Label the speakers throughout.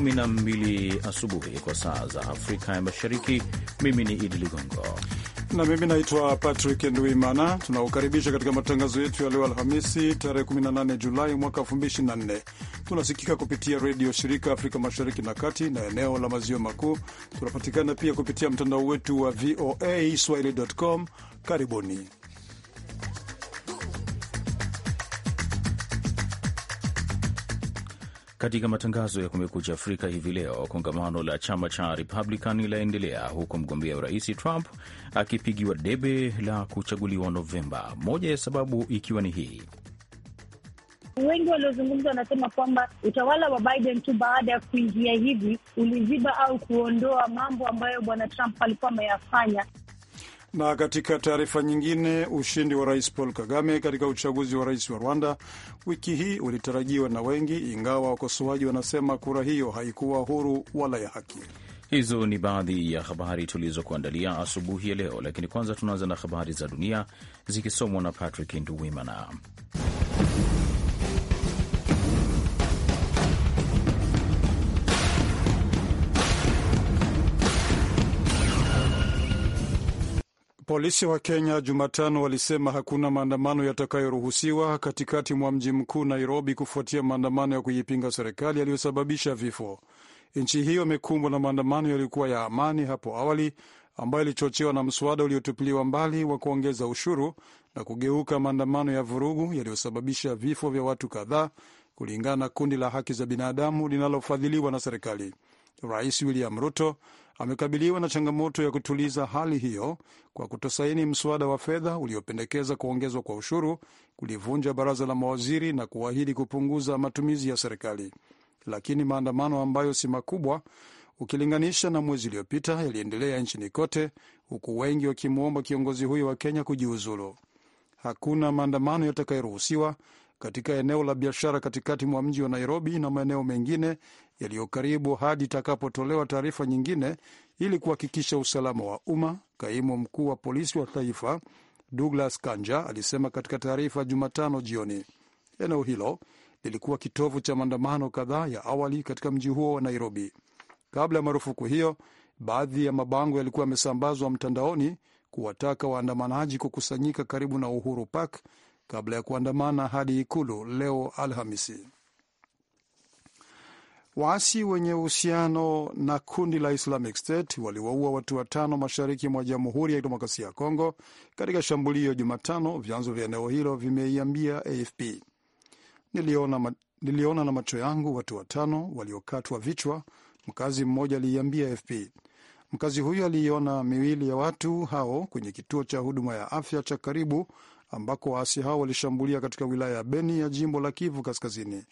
Speaker 1: 12 asubuhi kwa saa za Afrika ya Mashariki. Mimi ni Idi Ligongo
Speaker 2: na mimi naitwa Patrick Nduimana. Tunakukaribisha katika matangazo yetu ya leo Alhamisi, tarehe 18 Julai mwaka 2024. Tunasikika kupitia redio shirika Afrika Mashariki na kati na eneo la maziwa makuu. Tunapatikana pia kupitia mtandao wetu wa VOA swahili.com. Karibuni.
Speaker 1: Katika matangazo ya Kumekucha Afrika hivi leo, kongamano la chama cha Republican laendelea huku mgombea urais Trump akipigiwa debe la kuchaguliwa Novemba, moja ya sababu ikiwa ni hii.
Speaker 3: Wengi waliozungumza wanasema kwamba utawala wa Biden tu baada ya kuingia hivi uliziba au kuondoa mambo ambayo bwana Trump alikuwa ameyafanya.
Speaker 2: Na katika taarifa nyingine, ushindi wa rais Paul Kagame katika uchaguzi wa rais wa Rwanda wiki hii ulitarajiwa na wengi, ingawa wakosoaji wanasema kura hiyo haikuwa huru wala ya haki.
Speaker 1: Hizo ni baadhi ya habari tulizokuandalia asubuhi ya leo, lakini kwanza tunaanza na habari za dunia zikisomwa na Patrick Nduwimana.
Speaker 2: Polisi wa Kenya Jumatano walisema hakuna maandamano yatakayoruhusiwa katikati mwa mji mkuu Nairobi kufuatia maandamano ya kuipinga serikali yaliyosababisha vifo. Nchi hiyo imekumbwa na maandamano yaliyokuwa ya amani hapo awali ambayo ilichochewa na mswada uliotupiliwa mbali wa kuongeza ushuru na kugeuka maandamano ya vurugu yaliyosababisha vifo vya watu kadhaa, kulingana na kundi la haki za binadamu linalofadhiliwa na serikali. Rais William Ruto amekabiliwa na changamoto ya kutuliza hali hiyo kwa kutosaini mswada wa fedha uliopendekeza kuongezwa kwa ushuru, kulivunja baraza la mawaziri na kuahidi kupunguza matumizi ya serikali. Lakini maandamano ambayo si makubwa ukilinganisha na mwezi uliopita yaliendelea nchini kote, huku wengi wakimwomba kiongozi huyo wa Kenya kujiuzulu. Hakuna maandamano yatakayoruhusiwa katika eneo la biashara katikati mwa mji wa Nairobi na maeneo mengine yaliyo karibu hadi itakapotolewa taarifa nyingine ili kuhakikisha usalama wa umma, kaimu mkuu wa polisi wa taifa Douglas Kanja alisema katika taarifa Jumatano jioni. Eneo hilo lilikuwa kitovu cha maandamano kadhaa ya awali katika mji huo wa Nairobi. Kabla ya marufuku hiyo, baadhi ya mabango yalikuwa yamesambazwa mtandaoni kuwataka waandamanaji kukusanyika karibu na Uhuru Park kabla ya kuandamana hadi ikulu leo Alhamisi. Waasi wenye uhusiano na kundi la Islamic State waliwaua watu watano mashariki mwa Jamhuri ya Kidemokrasia ya Kongo katika shambulio Jumatano, vyanzo vya eneo hilo vimeiambia AFP. Niliona, niliona na macho yangu watu watano waliokatwa vichwa, mkazi mmoja aliiambia AFP. Mkazi huyo aliiona miili ya watu hao kwenye kituo cha huduma ya afya cha karibu ambako waasi hao walishambulia katika wilaya ya Beni ya jimbo la Kivu Kaskazini.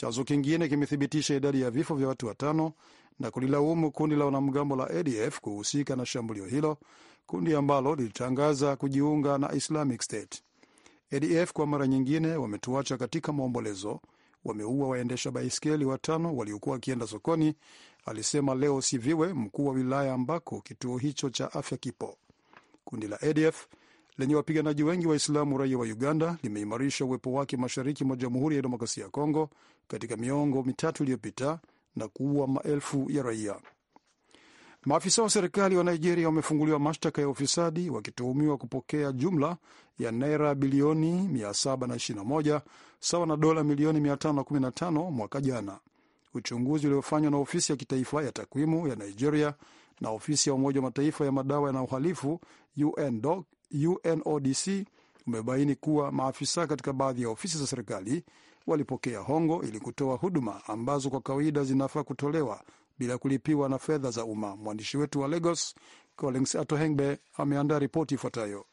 Speaker 2: Chanzo kingine kimethibitisha idadi ya vifo vya watu watano na kulilaumu kundi la wanamgambo la ADF kuhusika na shambulio hilo, kundi ambalo lilitangaza kujiunga na Islamic State. ADF kwa mara nyingine wametuacha katika maombolezo, wameua waendesha baiskeli watano waliokuwa wakienda sokoni, alisema Leo Siviwe, mkuu wa wilaya ambako kituo hicho cha afya kipo. Kundi la ADF lenye wapiganaji wengi Waislamu raia wa Uganda limeimarisha uwepo wake mashariki mwa Jamhuri ya Demokrasia ya Kongo katika miongo mitatu iliyopita na kuua maelfu ya raia. Maafisa wa serikali wa Nigeria wamefunguliwa mashtaka ya ufisadi wakituhumiwa kupokea jumla ya naira bilioni 721 sawa na dola milioni 515 mwaka jana. Uchunguzi uliofanywa na ofisi ya kitaifa ya takwimu ya Nigeria na ofisi ya Umoja wa Mataifa ya madawa na uhalifu UNODC UNODC umebaini kuwa maafisa katika baadhi ya ofisi za serikali walipokea hongo ili kutoa huduma ambazo kwa kawaida zinafaa kutolewa bila kulipiwa na fedha za umma. Mwandishi wetu wa Lagos, Collins Atohengbe, ameandaa ripoti ifuatayo.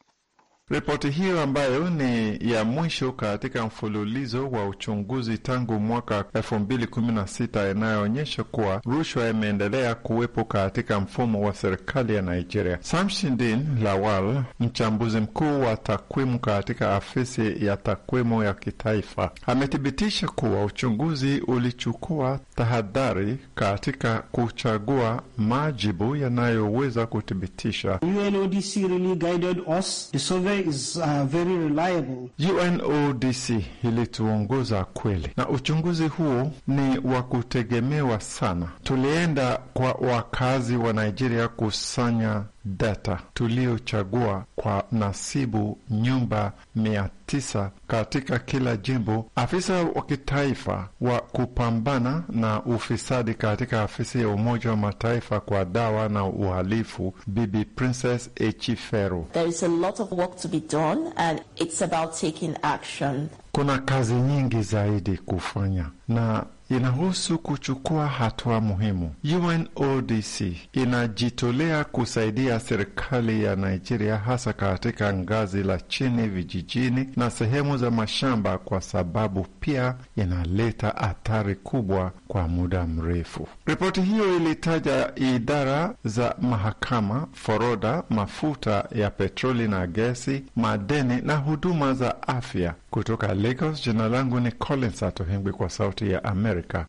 Speaker 4: Ripoti hiyo ambayo ni ya mwisho katika mfululizo wa uchunguzi tangu mwaka 2016 inayoonyesha kuwa rushwa imeendelea kuwepo katika mfumo wa serikali ya Nigeria. Samshidin Lawal, mchambuzi mkuu wa takwimu katika afisi ya takwimu ya kitaifa, amethibitisha kuwa uchunguzi ulichukua tahadhari katika kuchagua majibu yanayoweza kuthibitisha. UNODC really guided us. The is, uh, very reliable. UNODC ilituongoza kweli, na uchunguzi huo ni wa kutegemewa sana. Tulienda kwa wakazi wa Nigeria kusanya data tuliochagua kwa nasibu nyumba mia tisa katika kila jimbo. Afisa wa kitaifa wa kupambana na ufisadi katika afisi ya Umoja wa Mataifa kwa dawa na uhalifu, Bibi Princess Echiferu:
Speaker 3: There is a lot of work to be done and
Speaker 4: it's about taking action. Kuna kazi nyingi zaidi kufanya na inahusu kuchukua hatua muhimu. UNODC inajitolea kusaidia serikali ya Nigeria, hasa katika ngazi la chini, vijijini na sehemu za mashamba, kwa sababu pia inaleta athari kubwa kwa muda mrefu. Ripoti hiyo ilitaja idara za mahakama, forodha, mafuta ya petroli na gesi, madeni na huduma za afya kutoka Lagos, jina langu ni Collins Atohengwi, kwa Sauti ya Amerika.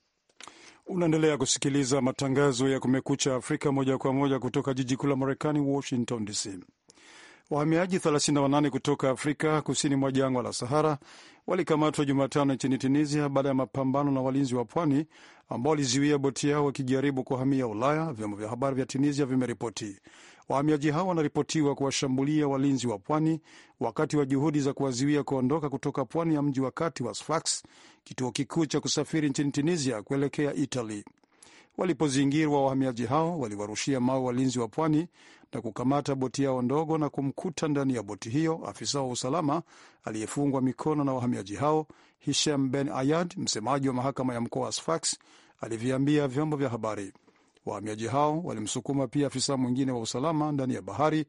Speaker 2: Unaendelea kusikiliza matangazo ya Kumekucha Afrika moja kwa moja kutoka jiji kuu la Marekani, Washington DC. Wahamiaji 38 kutoka Afrika kusini mwa jangwa la Sahara walikamatwa Jumatano nchini Tunisia baada ya mapambano na walinzi wa pwani ambao walizuia boti yao wakijaribu kuhamia Ulaya, vyombo vya habari vya Tunisia vimeripoti. Wahamiaji hao wanaripotiwa kuwashambulia walinzi wa pwani wakati wa juhudi za kuwazuia kuondoka kutoka pwani ya mji wa kati wa Sfax, kituo kikuu cha kusafiri nchini Tunisia kuelekea Italy. Walipozingirwa, wahamiaji hao waliwarushia mawe walinzi wa pwani na kukamata boti yao ndogo na kumkuta ndani ya boti hiyo afisa wa usalama aliyefungwa mikono na wahamiaji hao. Hisham Ben Ayad, msemaji wa mahakama ya mkoa wa Sfax, alivyoambia vyombo vya habari. Wahamiaji hao walimsukuma pia afisa mwingine wa usalama ndani ya bahari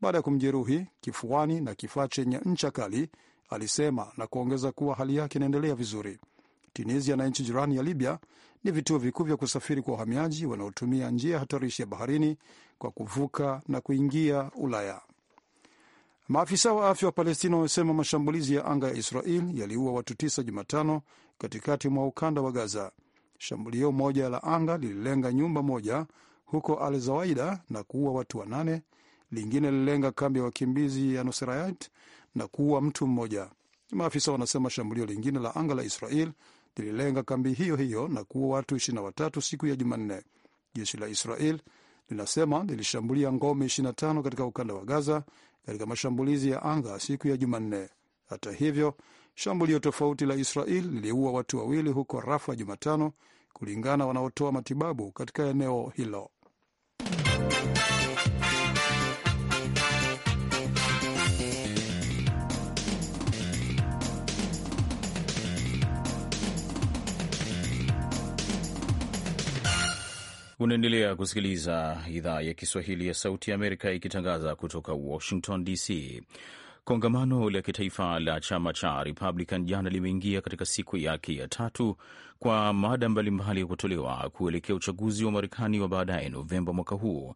Speaker 2: baada ya kumjeruhi kifuani na kifaa chenye ncha kali, alisema na kuongeza kuwa hali yake inaendelea vizuri. Tunisia na nchi jirani ya Libya ni vituo vikuu vya kusafiri kwa wahamiaji wanaotumia njia hatarishi ya baharini kwa kuvuka na kuingia Ulaya. Maafisa wa afya wa Palestina wamesema mashambulizi ya anga ya Israel yaliua watu tisa Jumatano katikati mwa ukanda wa Gaza. Shambulio moja la anga lililenga nyumba moja huko Al Zawaida na kuua watu wanane. Lingine lililenga kambi ya wakimbizi ya Nusairat na kuua mtu mmoja. Maafisa wanasema shambulio lingine la anga la Israel lililenga kambi hiyo hiyo na kuua watu watatu siku ya Jumanne. Jeshi la Israel linasema lilishambulia ngome 25 katika ukanda wa Gaza katika mashambulizi ya anga siku ya Jumanne. Hata hivyo Shambulio tofauti la Israel liliua watu wawili huko Rafa Jumatano, kulingana wanaotoa matibabu katika eneo hilo.
Speaker 1: Unaendelea kusikiliza idhaa ya Kiswahili ya Sauti ya Amerika ikitangaza kutoka Washington DC. Kongamano la kitaifa la chama cha Republican jana limeingia katika siku yake ya tatu kwa mada mbalimbali ya kutolewa kuelekea uchaguzi wa Marekani wa baadaye Novemba mwaka huu.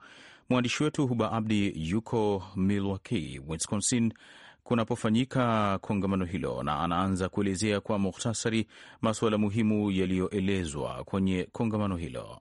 Speaker 1: Mwandishi wetu Huba Abdi yuko Milwaukee, Wisconsin kunapofanyika kongamano hilo na anaanza kuelezea kwa muhtasari masuala muhimu yaliyoelezwa kwenye kongamano hilo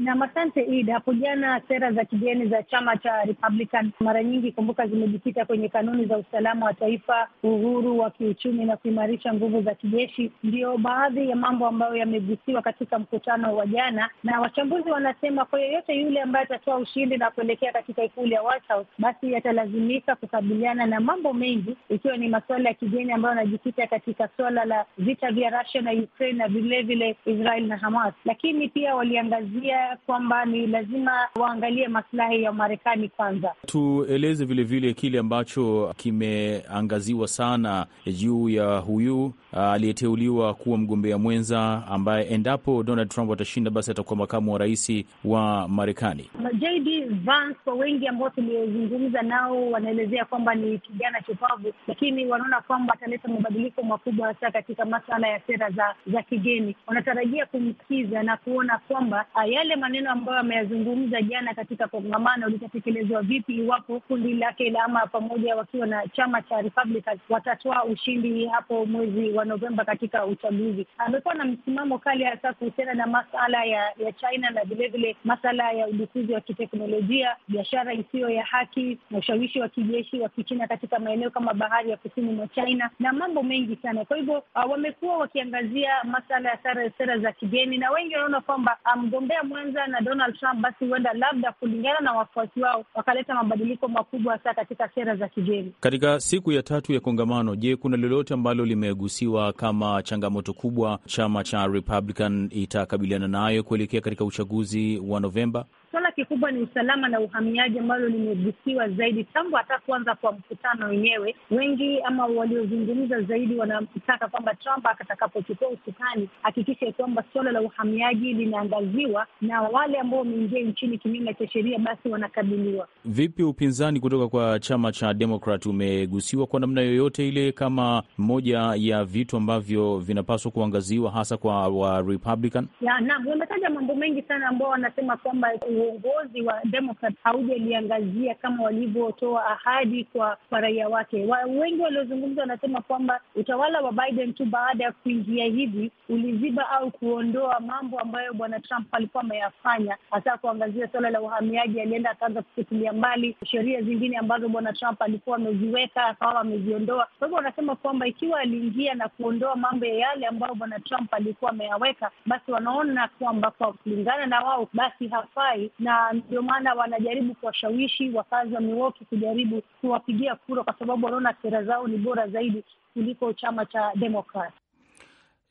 Speaker 3: na asante Id. Hapo jana sera za kigeni za chama cha Republican mara nyingi, kumbuka, zimejikita kwenye kanuni za usalama wa taifa, uhuru wa kiuchumi na kuimarisha nguvu za kijeshi. Ndiyo baadhi ya mambo ambayo yamegusiwa katika mkutano wa jana, na wachambuzi wanasema kwa yeyote yule ambaye atatoa ushindi na kuelekea katika ikulu ya White House, basi yatalazimika kukabiliana na mambo mengi, ikiwa ni masuala ya kigeni ambayo yanajikita katika suala la vita vya Russia na Ukraine na vilevile Israel na Hamas, lakini pia waliangazia kwamba ni lazima waangalie masilahi ya Marekani kwanza.
Speaker 1: Tueleze vilevile kile ambacho kimeangaziwa sana juu ya huyu uh, aliyeteuliwa kuwa mgombea mwenza ambaye endapo Donald Trump atashinda, basi atakuwa makamu wa rais wa Marekani,
Speaker 3: JD Vance. Kwa wengi ambao tuliozungumza nao, wanaelezea kwamba ni kijana chupavu, lakini wanaona kwamba ataleta mabadiliko makubwa, hasa katika maswala ya sera za za kigeni. Wanatarajia kumsikiza na kuona kwamba uh, yale maneno ambayo ameyazungumza jana katika kongamano litatekelezwa vipi iwapo kundi lake la ama pamoja wakiwa na chama cha Republican watatoa ushindi hapo mwezi wa Novemba katika uchaguzi. Amekuwa na msimamo kali hasa kuhusiana na masala ya, ya China na vilevile masala ya udukuzi wa kiteknolojia, biashara isiyo ya haki na ushawishi wa kijeshi wa Kichina katika maeneo kama bahari ya kusini mwa China na mambo mengi sana. Kwa hivyo uh, wamekuwa wakiangazia masala ya sera za kigeni na wengi wanaona kwamba uh, mgombea um, kwanza na Donald Trump, basi huenda labda, kulingana na wafuasi wao, wakaleta mabadiliko makubwa hasa katika sera za kigeni.
Speaker 1: Katika siku ya tatu ya kongamano, je, kuna lolote ambalo limegusiwa kama changamoto kubwa chama cha Republican itakabiliana nayo kuelekea katika uchaguzi wa Novemba?
Speaker 3: Swala kikubwa ni usalama na uhamiaji, ambalo limegusiwa zaidi tangu hata kuanza kwa mkutano wenyewe. Wengi ama waliozungumza zaidi wanataka kwamba Trump atakapochukua usukani hakikishe kwamba suala la uhamiaji linaangaziwa na wale ambao wameingia nchini kinyume cha sheria, basi wanakabiliwa
Speaker 1: vipi. Upinzani kutoka kwa chama cha demokrat umegusiwa kwa namna yoyote ile kama moja ya vitu ambavyo vinapaswa kuangaziwa hasa kwa wa Republican?
Speaker 3: Naam, wametaja mambo mengi sana ambao wanasema kwamba eh, uongozi wa Demokrat haujaliangazia kama walivyotoa ahadi kwa, kwa raia wake wa, wengi waliozungumza wanasema kwamba utawala wa Biden tu baada ya kuingia hivi uliziba au kuondoa mambo ambayo bwana Trump alikuwa ameyafanya, hasa kuangazia suala la uhamiaji. Alienda akaanza kufutilia mbali sheria zingine ambazo bwana Trump alikuwa ameziweka akawa ameziondoa. Kwa hivyo wanasema kwamba ikiwa aliingia na kuondoa mambo ya yale ambayo bwana Trump alikuwa ameyaweka, basi wanaona kwamba kwa kulingana na wao, basi hafai na ndio maana wanajaribu kuwashawishi wakazi wa Milwaukee kujaribu kuwapigia kura, kwa sababu wanaona sera zao ni bora zaidi kuliko chama cha Demokrat.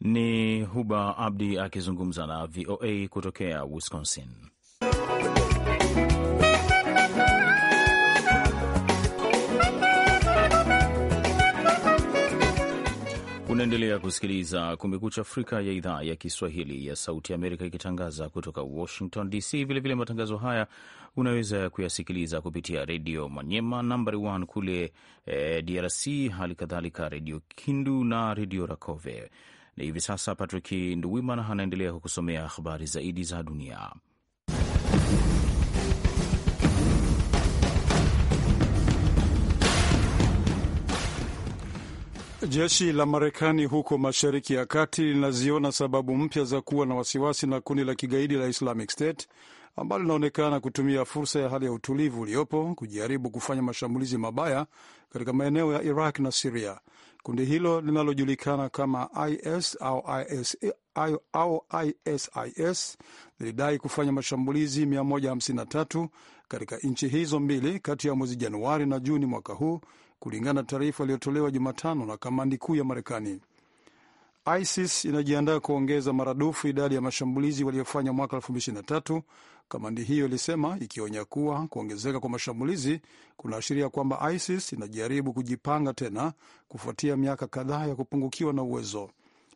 Speaker 1: Ni Huba Abdi akizungumza na VOA kutokea Wisconsin. Unaendelea kusikiliza Kumekucha Afrika ya idhaa ya Kiswahili ya Sauti Amerika ikitangaza kutoka Washington DC. Vilevile matangazo haya unaweza kuyasikiliza kupitia Redio Manyema nambari 1 kule e, eh, DRC, hali kadhalika Redio Kindu na Redio Rakove. Na hivi sasa Patrick Nduwimana anaendelea kukusomea habari zaidi za dunia.
Speaker 2: Jeshi la Marekani huko Mashariki ya Kati linaziona sababu mpya za kuwa na wasiwasi na kundi la kigaidi la Islamic State ambalo linaonekana kutumia fursa ya hali ya utulivu uliopo kujaribu kufanya mashambulizi mabaya katika maeneo ya Iraq na Siria. Kundi hilo linalojulikana kama IS au ISIS lilidai kufanya mashambulizi 153 katika nchi hizo mbili kati ya mwezi Januari na Juni mwaka huu kulingana na taarifa iliyotolewa Jumatano na kamandi kuu ya Marekani. ISIS inajiandaa kuongeza maradufu idadi ya mashambulizi waliyofanya mwaka 2023, kamandi hiyo ilisema, ikionya kuwa kuongezeka kwa mashambulizi kunaashiria kwamba ISIS inajaribu kujipanga tena kufuatia miaka kadhaa ya kupungukiwa na uwezo.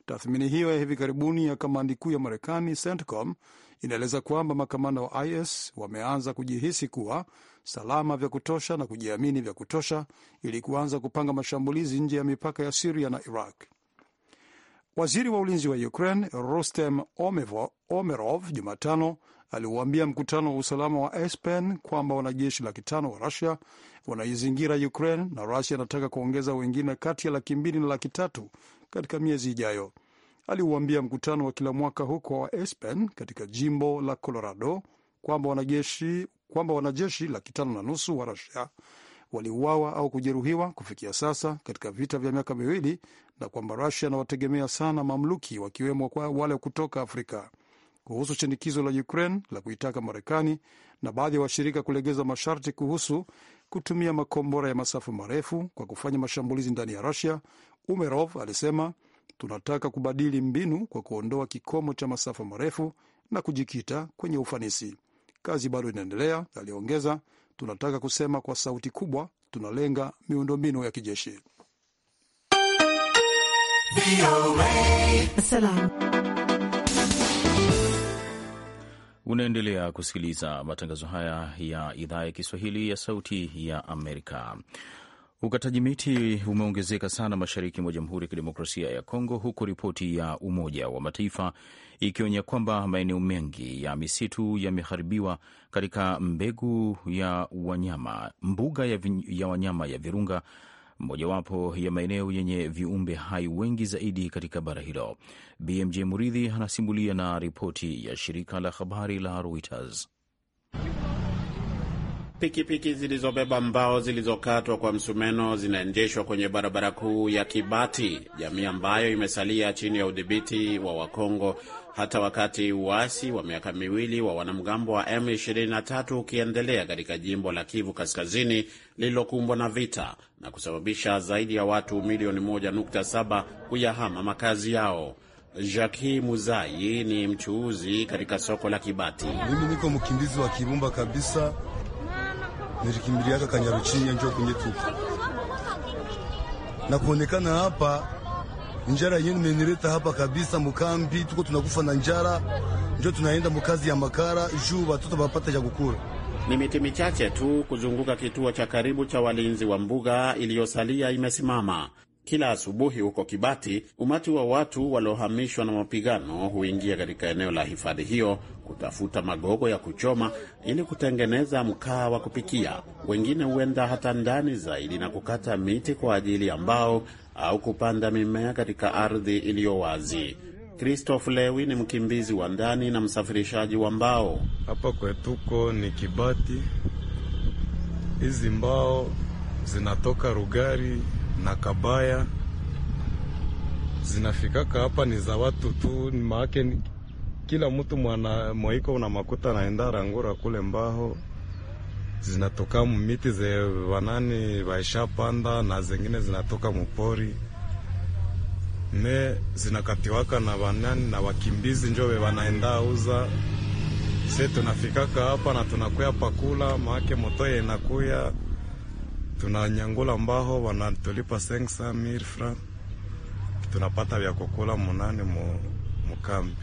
Speaker 2: Tathmini hiyo ya hivi karibuni ya kamandi kuu ya Marekani, CENTCOM, inaeleza kwamba makamanda wa IS wameanza kujihisi kuwa salama vya kutosha na kujiamini vya kutosha ili kuanza kupanga mashambulizi nje ya mipaka ya Siria na Iraq. Waziri wa ulinzi wa Ukraine Rustem Omerov Jumatano aliuambia mkutano wa usalama wa Espen kwamba wanajeshi laki tano wa Rusia wanaizingira Ukraine na Rusia inataka kuongeza wengine kati ya laki mbili na laki tatu katika miezi ijayo. Aliuambia mkutano wa kila mwaka huko wa Aspen katika jimbo la Colorado kwamba wanajeshi, kwamba wanajeshi laki tano na nusu wa Rusia waliuawa au kujeruhiwa kufikia sasa katika vita vya miaka miwili na kwamba Rusia anawategemea sana mamluki wakiwemo kwa wale kutoka Afrika. Kuhusu shinikizo la Ukraine la kuitaka Marekani na baadhi ya washirika kulegeza masharti kuhusu kutumia makombora ya masafa marefu kwa kufanya mashambulizi ndani ya Rusia, Umerov alisema tunataka kubadili mbinu kwa kuondoa kikomo cha masafa marefu na kujikita kwenye ufanisi. Kazi bado inaendelea, aliongeza. Tunataka kusema kwa sauti kubwa, tunalenga miundombinu ya kijeshi.
Speaker 1: Unaendelea kusikiliza matangazo haya ya idhaa ya Kiswahili ya Sauti ya Amerika. Ukataji miti umeongezeka sana mashariki mwa Jamhuri ya Kidemokrasia ya Kongo, huku ripoti ya Umoja wa Mataifa ikionya kwamba maeneo mengi ya misitu yameharibiwa katika mbegu ya wanyama, mbuga ya, ya wanyama ya Virunga mojawapo ya maeneo yenye viumbe hai wengi zaidi katika bara hilo. BMJ Muridhi anasimulia na ripoti ya shirika la habari la Reuters.
Speaker 5: Pikipiki zilizobeba mbao zilizokatwa kwa msumeno zinaendeshwa kwenye barabara kuu ya Kibati, jamii ambayo imesalia chini ya udhibiti wa Wakongo hata wakati uasi wa miaka miwili wa wanamgambo wa M23 ukiendelea katika jimbo la Kivu Kaskazini lililokumbwa na vita na kusababisha zaidi ya watu milioni 1.7 kuyahama makazi yao. Jaki Muzai ni mchuuzi katika soko la Kibati.
Speaker 2: Mimi niko mkimbizi wa Kibumba kabisa, nilikimbiliaka Kanyaruchinya njo kunyetuka na kuonekana hapa Njara yenyewe imenileta hapa kabisa mukambi, tuko tunakufa na njara, njo tunaenda mukazi ya makara juu watoto wapate cha kukula.
Speaker 5: Ni miti michache tu kuzunguka kituo cha karibu cha walinzi wa mbuga iliyosalia imesimama. Kila asubuhi huko Kibati, umati wa watu waliohamishwa na mapigano huingia katika eneo la hifadhi hiyo kutafuta magogo ya kuchoma ili kutengeneza mkaa wa kupikia. Wengine huenda hata ndani zaidi na kukata miti kwa ajili ya mbao au kupanda mimea katika ardhi iliyo wazi. Christoph Lewi ni mkimbizi wa ndani na msafirishaji wa mbao.
Speaker 6: Hapa kwetuko ni Kibati.
Speaker 2: Hizi mbao zinatoka Rugari na Kabaya, zinafikaka hapa ni za watu tu, maake kila mtu mwana mwaiko una makuta naenda rangura kule mbao zinatoka mumiti ze wanani waishapanda na zengine zinatoka mupori ne zinakatiwaka na wanani na wakimbizi njowe wanaenda uza. Se tunafikaka hapa na tunakuya pakula maake motoye inakuya tunanyangula mbaho wanatulipa sengsa mil
Speaker 4: franc tunapata vya kukula munani mu, mukambi.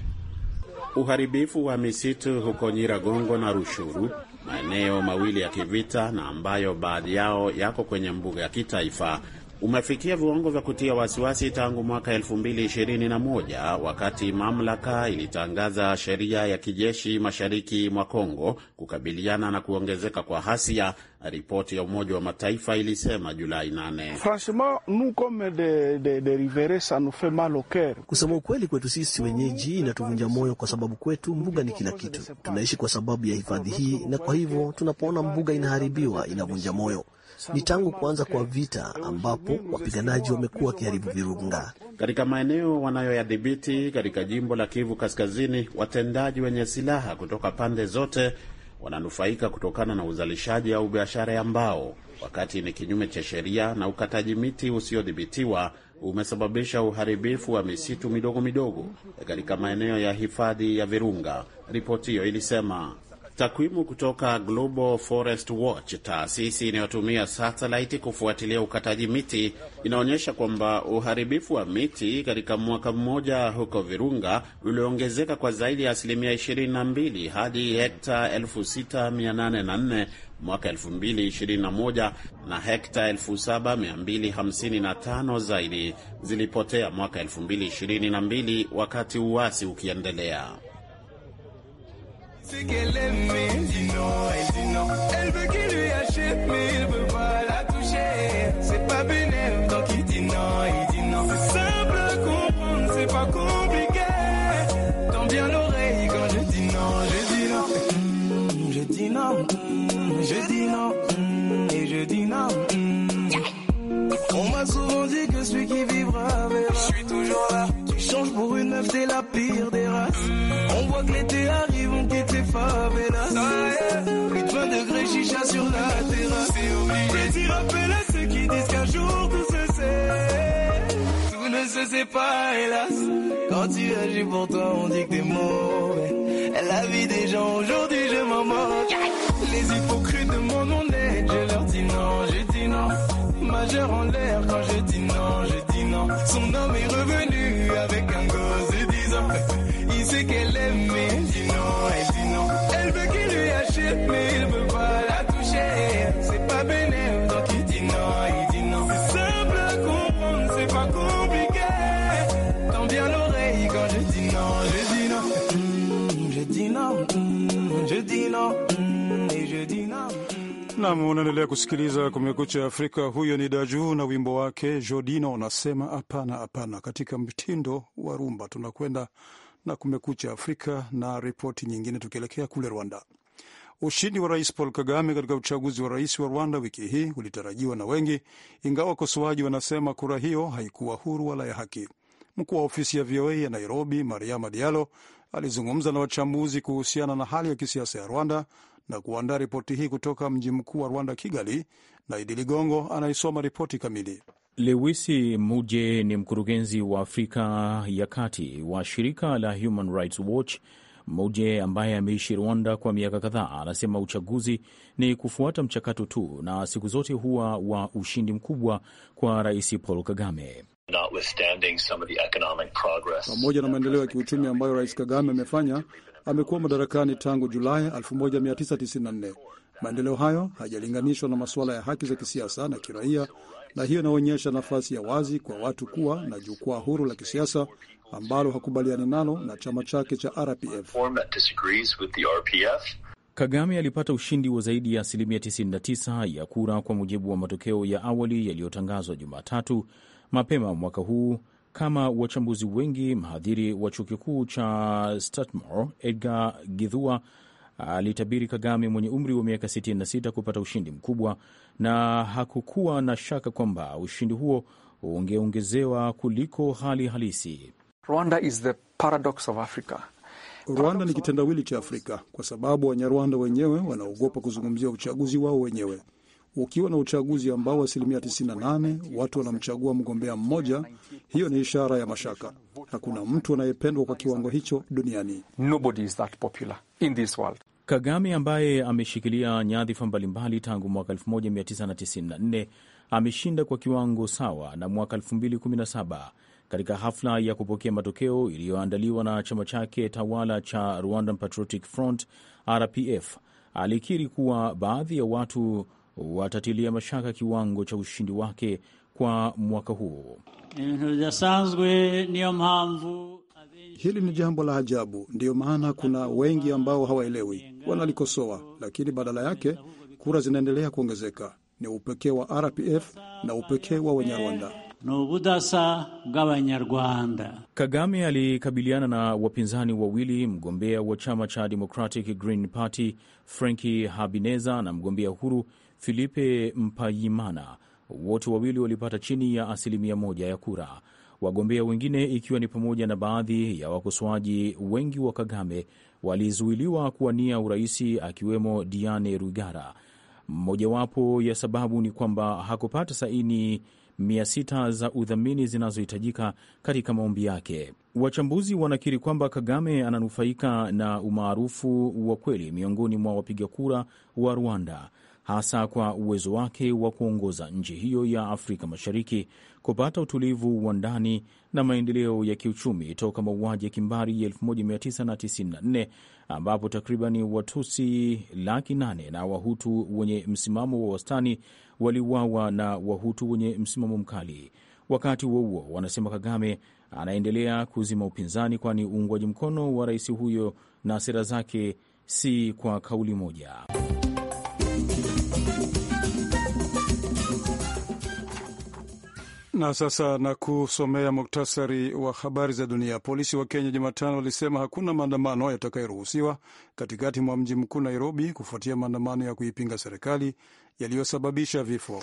Speaker 5: Uharibifu wa misitu huko Nyiragongo na Rushuru maeneo mawili ya kivita na ambayo baadhi yao yako kwenye mbuga ya kitaifa umefikia viwango vya kutia wasiwasi tangu mwaka 2021 wakati mamlaka ilitangaza sheria ya kijeshi mashariki mwa Kongo kukabiliana na kuongezeka kwa hasia, ripoti ya Umoja wa Mataifa ilisema Julai
Speaker 6: 8. Kusema ukweli, kwetu sisi wenyeji inatuvunja moyo, kwa sababu kwetu mbuga ni kila kitu. Tunaishi kwa sababu ya hifadhi hii, na kwa hivyo tunapoona mbuga inaharibiwa inavunja moyo. Ni tangu kuanza kwa vita ambapo wapiganaji wamekuwa wakiharibu Virunga
Speaker 5: katika maeneo wanayoyadhibiti katika jimbo la Kivu Kaskazini. Watendaji wenye silaha kutoka pande zote wananufaika kutokana na uzalishaji au biashara ya mbao, wakati ni kinyume cha sheria na ukataji miti usiodhibitiwa umesababisha uharibifu wa misitu midogo midogo katika maeneo ya hifadhi ya Virunga, ripoti hiyo ilisema. Takwimu kutoka Global Forest Watch, taasisi inayotumia satelaiti kufuatilia ukataji miti, inaonyesha kwamba uharibifu wa miti katika mwaka mmoja huko Virunga ulioongezeka kwa zaidi ya asilimia 22 hadi hekta 6804 mwaka 2021 na hekta 7255 zaidi zilipotea mwaka 2022 wakati uasi ukiendelea.
Speaker 6: elle Elle veut hélas. Quand tu agis pour toi, on dit que t'es mauvais. La vie des gens, aujourd'hui, je m'en moque. Les hypocrites de mon nom je leur dis non, je dis non. Majeur en l'air quand je dis non, je dis non. Son homme est revenu avec un gosse de 10 ans. Il sait qu'elle
Speaker 2: Nam, unaendelea kusikiliza Kumekucha Afrika. Huyo ni Daju na wimbo wake Jodino unasema hapana, hapana, katika mtindo wa rumba. Tunakwenda na Kumekucha Afrika na ripoti nyingine, tukielekea kule Rwanda. Ushindi wa Rais Paul Kagame katika uchaguzi wa rais wa Rwanda wiki hii ulitarajiwa na wengi, ingawa wakosoaji wanasema kura hiyo haikuwa huru wala ya haki. Mkuu wa ofisi ya VOA ya Nairobi, Mariama Diallo, alizungumza na wachambuzi kuhusiana na hali ya kisiasa ya Rwanda na kuandaa ripoti hii kutoka mji mkuu wa Rwanda, Kigali, na Idi Ligongo anaisoma ripoti kamili.
Speaker 1: Lewisi Muje ni mkurugenzi wa Afrika ya Kati wa shirika la Human Rights Watch. Muje ambaye ameishi Rwanda kwa miaka kadhaa anasema uchaguzi ni kufuata mchakato tu na siku zote huwa wa ushindi mkubwa kwa Rais Paul Kagame.
Speaker 6: Pamoja
Speaker 2: na maendeleo ya kiuchumi ambayo Rais Kagame amefanya, amekuwa madarakani tangu Julai 1994. Maendeleo hayo hayajalinganishwa na masuala ya haki za kisiasa na kiraia, na hiyo inaonyesha nafasi ya wazi kwa watu kuwa na jukwaa huru la kisiasa ambalo hakubaliani nalo na chama chake cha
Speaker 3: RPF.
Speaker 1: Kagame alipata ushindi wa zaidi ya asilimia 99 ya kura kwa mujibu wa matokeo ya awali yaliyotangazwa Jumatatu Mapema mwaka huu, kama wachambuzi wengi, mhadhiri wa chuo kikuu cha Statmore Edgar Githua alitabiri Kagame mwenye umri wa miaka 66 kupata ushindi mkubwa, na hakukuwa na shaka kwamba ushindi huo ungeongezewa kuliko hali halisi.
Speaker 4: Rwanda is the paradox of
Speaker 1: Africa.
Speaker 2: Rwanda ni kitendawili cha Afrika kwa sababu Wanyarwanda wenyewe wanaogopa kuzungumzia uchaguzi wao wenyewe. Ukiwa na uchaguzi ambao asilimia 98 watu wanamchagua mgombea mmoja, hiyo ni ishara ya mashaka. Hakuna mtu anayependwa kwa kiwango hicho duniani.
Speaker 4: Nobody is that popular in this world.
Speaker 1: Kagame ambaye ameshikilia nyadhifa mbalimbali tangu mwaka 1994 ameshinda kwa kiwango sawa na mwaka 2017 katika hafla ya kupokea matokeo iliyoandaliwa na chama chake tawala cha Rwandan Patriotic Front RPF. Alikiri kuwa baadhi ya watu watatilia mashaka kiwango cha ushindi wake kwa mwaka huu.
Speaker 2: Hili ni jambo la ajabu, ndiyo maana kuna wengi ambao hawaelewi, wanalikosoa, lakini badala yake kura zinaendelea kuongezeka. Ni upekee wa RPF na upekee wa Wanyarwanda.
Speaker 1: Kagame alikabiliana na wapinzani wawili, mgombea wa chama cha Democratic Green Party Franki Habineza na mgombea huru Filipe Mpayimana, wote wawili walipata chini ya asilimia moja ya kura. Wagombea wengine ikiwa ni pamoja na baadhi ya wakosoaji wengi wa Kagame walizuiliwa kuwania uraisi akiwemo Diane Rwigara. Mmojawapo ya sababu ni kwamba hakupata saini sita za udhamini zinazohitajika katika maombi yake. Wachambuzi wanakiri kwamba Kagame ananufaika na umaarufu wa kweli miongoni mwa wapiga kura wa Rwanda hasa kwa uwezo wake wa kuongoza nchi hiyo ya Afrika Mashariki kupata utulivu wa ndani na maendeleo ya kiuchumi toka mauaji ya kimbari ya 1994 ambapo takribani Watusi laki nane na Wahutu wenye msimamo wa wastani waliuawa na Wahutu wenye msimamo mkali. Wakati huo huo, wanasema Kagame anaendelea kuzima upinzani, kwani uungwaji mkono wa rais huyo na sera zake si kwa kauli moja.
Speaker 2: Na sasa na kusomea muktasari wa habari za dunia. Polisi wa Kenya Jumatano walisema hakuna maandamano yatakayoruhusiwa katikati mwa mji mkuu Nairobi, kufuatia maandamano ya kuipinga serikali yaliyosababisha vifo.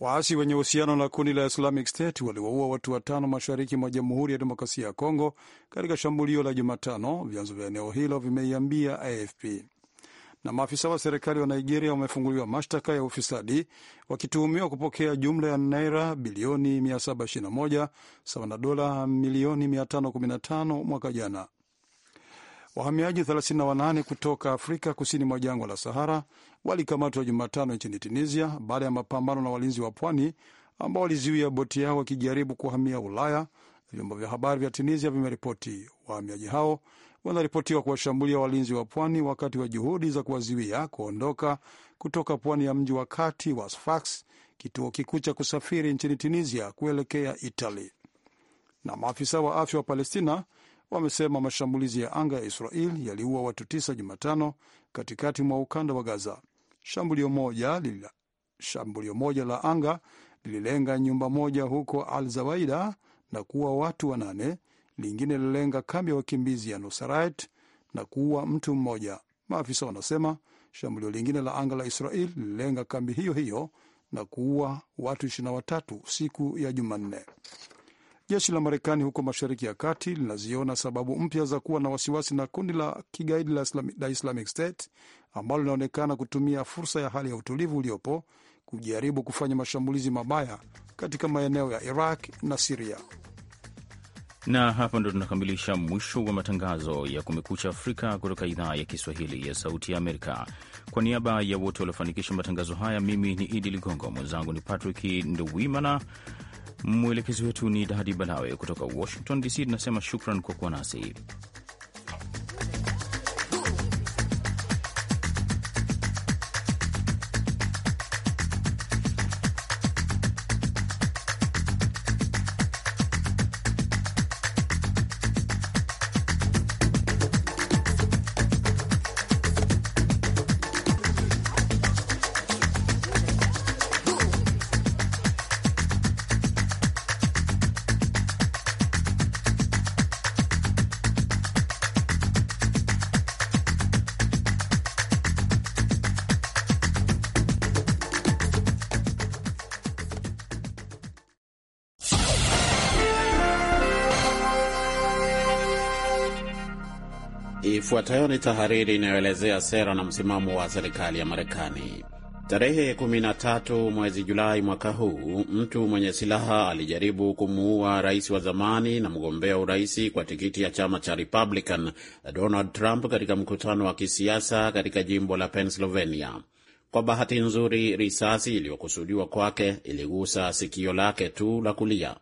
Speaker 2: Waasi wenye uhusiano na kundi la Islamic State waliwaua watu watano mashariki mwa Jamhuri ya Demokrasia ya Kongo katika shambulio la Jumatano, vyanzo vya eneo hilo vimeiambia AFP na maafisa wa serikali wa Nigeria wamefunguliwa mashtaka ya ufisadi wakituhumiwa kupokea jumla ya naira bilioni 721 sawa na dola milioni 515 mwaka jana. Wahamiaji 38 kutoka Afrika kusini mwa jangwa la Sahara walikamatwa Jumatano nchini Tunisia baada ya mapambano na walinzi wa pwani ambao walizuia boti yao wakijaribu kuhamia Ulaya. Vyombo vya habari vya Tunisia vimeripoti wahamiaji hao wanaripotiwa kuwashambulia walinzi wa pwani wakati wa juhudi za kuwaziwia kuondoka kutoka pwani ya mji wa kati wa Sfax, kituo kikuu cha kusafiri nchini Tunisia kuelekea Itali. Na maafisa wa afya wa Palestina wamesema mashambulizi ya anga ya Israel yaliua watu tisa Jumatano katikati mwa ukanda wa Gaza. Shambulio moja, lila, shambulio moja la anga lililenga nyumba moja huko Al Zawaida na kuua watu wanane lingine lilenga kambi ya wakimbizi ya Nusairat na kuua mtu mmoja. Maafisa wanasema shambulio lingine la anga la Israel lilenga kambi hiyo hiyo na kuua watu 23 siku ya Jumanne. Jeshi la Marekani huko Mashariki ya Kati linaziona sababu mpya za kuwa na wasiwasi na kundi la kigaidi la la Islamic State ambalo linaonekana kutumia fursa ya hali ya utulivu uliopo kujaribu kufanya mashambulizi mabaya katika maeneo ya Iraq na Siria.
Speaker 1: Na hapa ndo tunakamilisha mwisho wa matangazo ya Kumekucha Afrika kutoka idhaa ya Kiswahili ya Sauti ya Amerika. Kwa niaba ya wote waliofanikisha matangazo haya, mimi ni Idi Ligongo, mwenzangu ni Patrick Nduwimana, mwelekezi wetu ni Dadi Balawe kutoka Washington DC. Tunasema shukran kwa kuwa nasi.
Speaker 5: Ifuatayo ni tahariri inayoelezea sera na msimamo wa serikali ya Marekani. Tarehe 13 mwezi Julai mwaka huu, mtu mwenye silaha alijaribu kumuua rais wa zamani na mgombea uraisi kwa tikiti ya chama cha Republican Donald Trump katika mkutano wa kisiasa katika jimbo la Pennsylvania. Kwa bahati nzuri, risasi iliyokusudiwa kwake iligusa sikio lake tu la kulia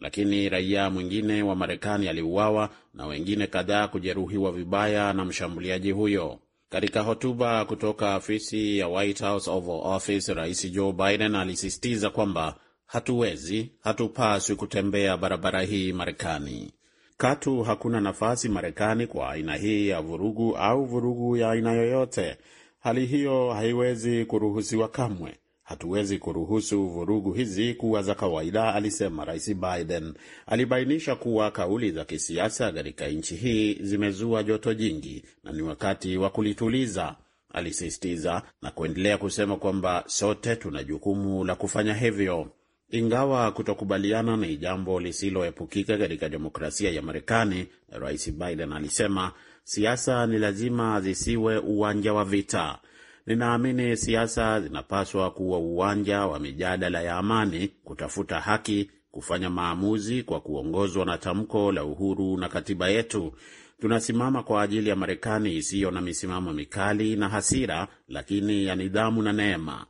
Speaker 5: lakini raia mwingine wa Marekani aliuawa na wengine kadhaa kujeruhiwa vibaya na mshambuliaji huyo. Katika hotuba kutoka afisi ya White House Oval Office, Rais Joe Biden alisisitiza kwamba hatuwezi, hatupaswi kutembea barabara hii Marekani. Katu hakuna nafasi Marekani kwa aina hii ya vurugu au vurugu ya aina yoyote. Hali hiyo haiwezi kuruhusiwa kamwe. Hatuwezi kuruhusu vurugu hizi kuwa za kawaida, alisema Rais Biden. Alibainisha kuwa kauli za kisiasa katika nchi hii zimezua joto jingi na ni wakati wa kulituliza, alisisitiza na kuendelea kusema kwamba sote tuna jukumu la kufanya hivyo. Ingawa kutokubaliana ni jambo lisiloepukika katika demokrasia ya Marekani, Rais Biden alisema siasa ni lazima zisiwe uwanja wa vita. Ninaamini siasa zinapaswa kuwa uwanja wa mijadala ya amani, kutafuta haki, kufanya maamuzi kwa kuongozwa na tamko la uhuru na katiba yetu. Tunasimama kwa ajili ya Marekani isiyo na misimamo mikali na hasira, lakini ya nidhamu na neema.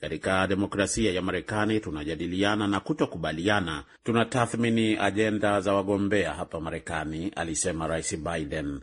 Speaker 5: Katika demokrasia ya Marekani tunajadiliana na kutokubaliana, tunatathmini ajenda za wagombea hapa Marekani, alisema Rais Biden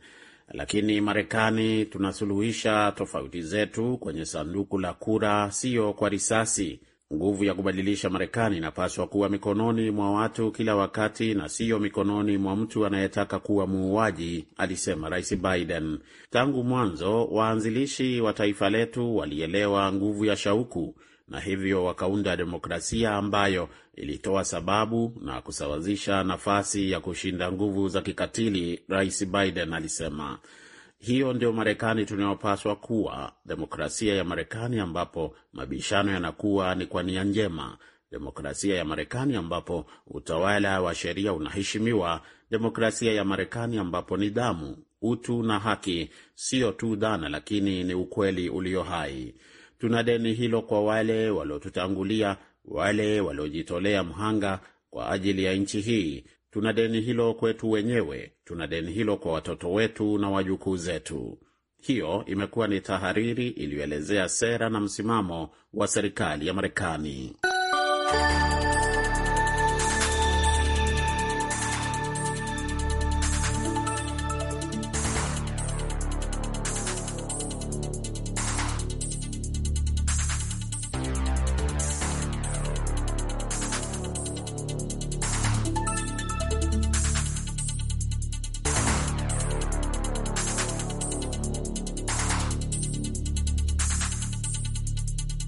Speaker 5: lakini Marekani tunasuluhisha tofauti zetu kwenye sanduku la kura, siyo kwa risasi. Nguvu ya kubadilisha Marekani inapaswa kuwa mikononi mwa watu kila wakati na siyo mikononi mwa mtu anayetaka kuwa muuaji, alisema Rais Biden. Tangu mwanzo waanzilishi wa taifa letu walielewa nguvu ya shauku na hivyo wakaunda demokrasia ambayo ilitoa sababu na kusawazisha nafasi ya kushinda nguvu za kikatili, Rais Biden alisema. Hiyo ndio Marekani tunayopaswa kuwa, demokrasia ya Marekani ambapo mabishano yanakuwa ni kwa nia njema, demokrasia ya Marekani ambapo utawala wa sheria unaheshimiwa, demokrasia ya Marekani ambapo nidhamu, utu na haki siyo tu dhana, lakini ni ukweli ulio hai. Tuna deni hilo kwa wale waliotutangulia, wale waliojitolea mhanga kwa ajili ya nchi hii. Tuna deni hilo kwetu wenyewe, tuna deni hilo kwa watoto wetu na wajukuu zetu. Hiyo imekuwa ni tahariri iliyoelezea sera na msimamo wa serikali ya Marekani.